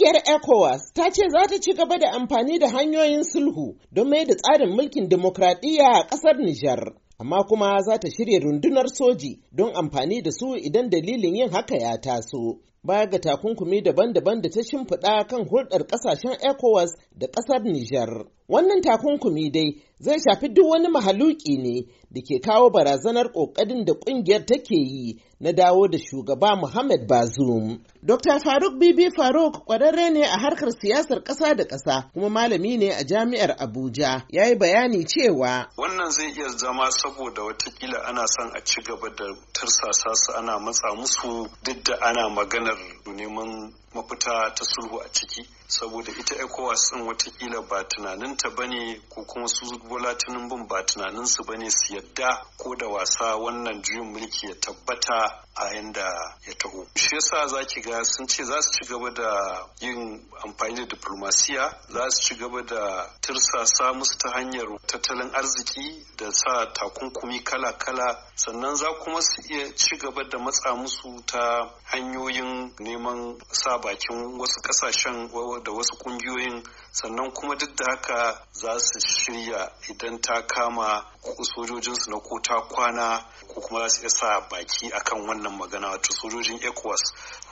Ƙungiyar ECOWAS ta ce za ta ci gaba da amfani da hanyoyin sulhu don mai da tsarin mulkin demokradiyya a ƙasar Nijar. Amma kuma za ta shirya rundunar soji don amfani da su idan dalilin yin haka ya taso. baya ga takunkumi daban-daban da ta shimfiɗa kan hulɗar ƙasashen ECOWAS da ƙasar Nijar. Wannan takunkumi dai zai shafi duk wani mahaluki ne da ke kawo barazanar ƙoƙarin da ƙungiyar take yi na dawo da shugaba Muhammad Bazoum. Dr. Faruk Bibi Faruk ƙwararre ne a harkar siyasar ƙasa da ƙasa kuma malami ne a jami'ar Abuja ya yi bayani cewa. Wannan zai iya zama saboda watakila ana son a ci gaba da tursasa su ana matsa musu duk da ana magana wannan neman mafita ta sulhu a ciki saboda ita ecowas din watakila ba tunanin ta ne ko kuma su bola bin ba tunaninsu ba ne su yadda ko da wasa wannan juyin mulki ya tabbata a yanda ya taho shi yasa za ki ga sun ce za su ci gaba da yin amfani da diplomasiya za su ci gaba da tirsasa musu ta hanyar tattalin arziki da sa takunkumi kala-kala sannan za kuma su iya ci gaba da matsa musu ta hanyoyin neman sa bakin wasu kasashen da wasu kungiyoyin sannan kuma duk da haka za su shirya idan ta kama sojojinsu na ko ta kwana ko kuma za su iya sa baki akan wannan wannan magana wato sojojin ecowas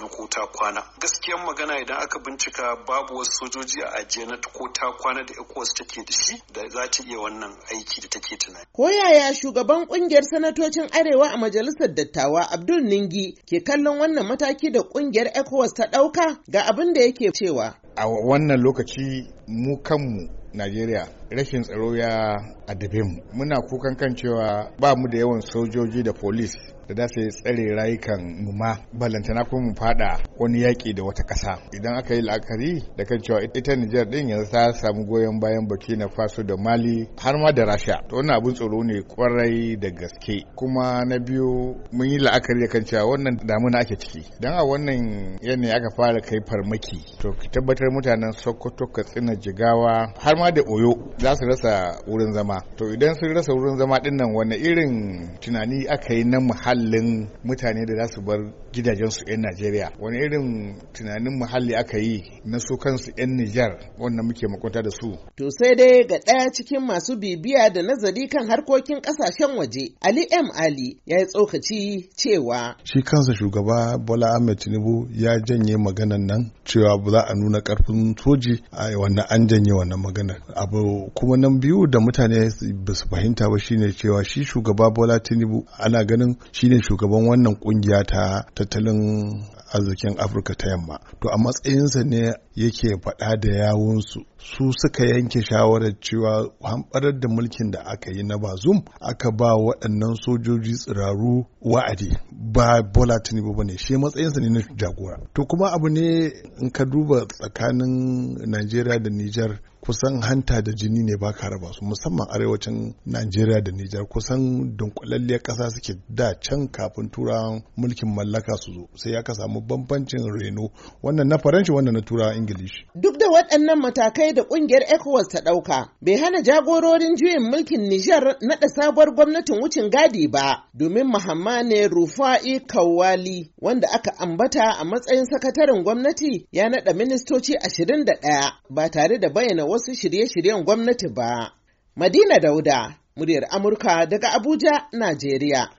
na ko kwana gaskiyan magana idan aka bincika babu wasu sojoji a ajiye na ko kwana da ecowas take da shi da za ta iya wannan aiki da take tunani ko yaya shugaban kungiyar sanatocin arewa a majalisar dattawa abdul ningi ke kallon wannan mataki da kungiyar ecowas ta dauka ga abin da yake cewa a wannan lokaci mu kanmu najeriya rashin tsaro ya addabe mu muna kukan kan cewa ba mu da yawan sojoji da polis da za su tsare rayukan mu ma balantana kuma mu fada wani yaƙi da wata ƙasa idan aka yi la'akari da kan cewa ita Nijar din yanzu ta samu goyon bayan na Faso da Mali har ma da Rasha to wannan abun tsoro ne kwarai da gaske kuma na biyu mun yi la'akari da kan cewa wannan damuna ake ciki dan a wannan yanayi aka fara kai farmaki to ki tabbatar mutanen Sokoto Katsina Jigawa har ma da Oyo za su rasa wurin zama to idan sun rasa wurin zama din nan wani irin tunani aka yi na muhallin mutane da za su bar gidajensu 'yan najeriya wani irin tunanin muhalli aka yi na su kansu 'yan nijar Wannan muke makwanta da su to sai dai ga ɗaya cikin masu bibiya da nazari kan harkokin ƙasashen waje ali m ali ya yi tsokaci cewa shi kansa shugaba bola ahmed tinubu ya janye maganan nan cewa ba za a nuna karfin soji a wannan an janye wannan maganar abu kuma nan biyu da mutane ba su fahimta ba shine cewa shi shugaba bola tinubu ana ganin shine shugaban wannan kungiya ta tattalin arzikin afirka ta yamma to a matsayinsa ne yake faɗa da yawunsu su suka yanke shawarar cewa hamɓarar da mulkin da aka yi na bazum aka ba waɗannan sojoji tsiraru wa'adi ba Bola Tinubu bane shi matsayinsa ne na jagora to kuma abu ne in ka duba tsakanin Najeriya da Nijar kusan hanta da jini ne ba ka raba su musamman arewacin Najeriya da Nijar kusan dunkulalliyar ƙasa suke da can kafin turawan mulkin mallaka su zo sai ya samu bambancin reno wannan na faranshi wannan na turawan ingilishi duk da waɗannan matakai da ƙungiyar ECOWAS ta ɗauka bai hana jagororin juyin mulkin Nijar naɗa sabuwar gwamnatin wucin gadi ba domin Muhammad Rufa'i Sadiq Kawali wanda aka ambata a matsayin sakataren gwamnati ya naɗa ministoci 21 ba tare da bayyana wasu shirye-shiryen gwamnati ba. Madina Dauda, muryar Amurka daga Abuja, Najeriya.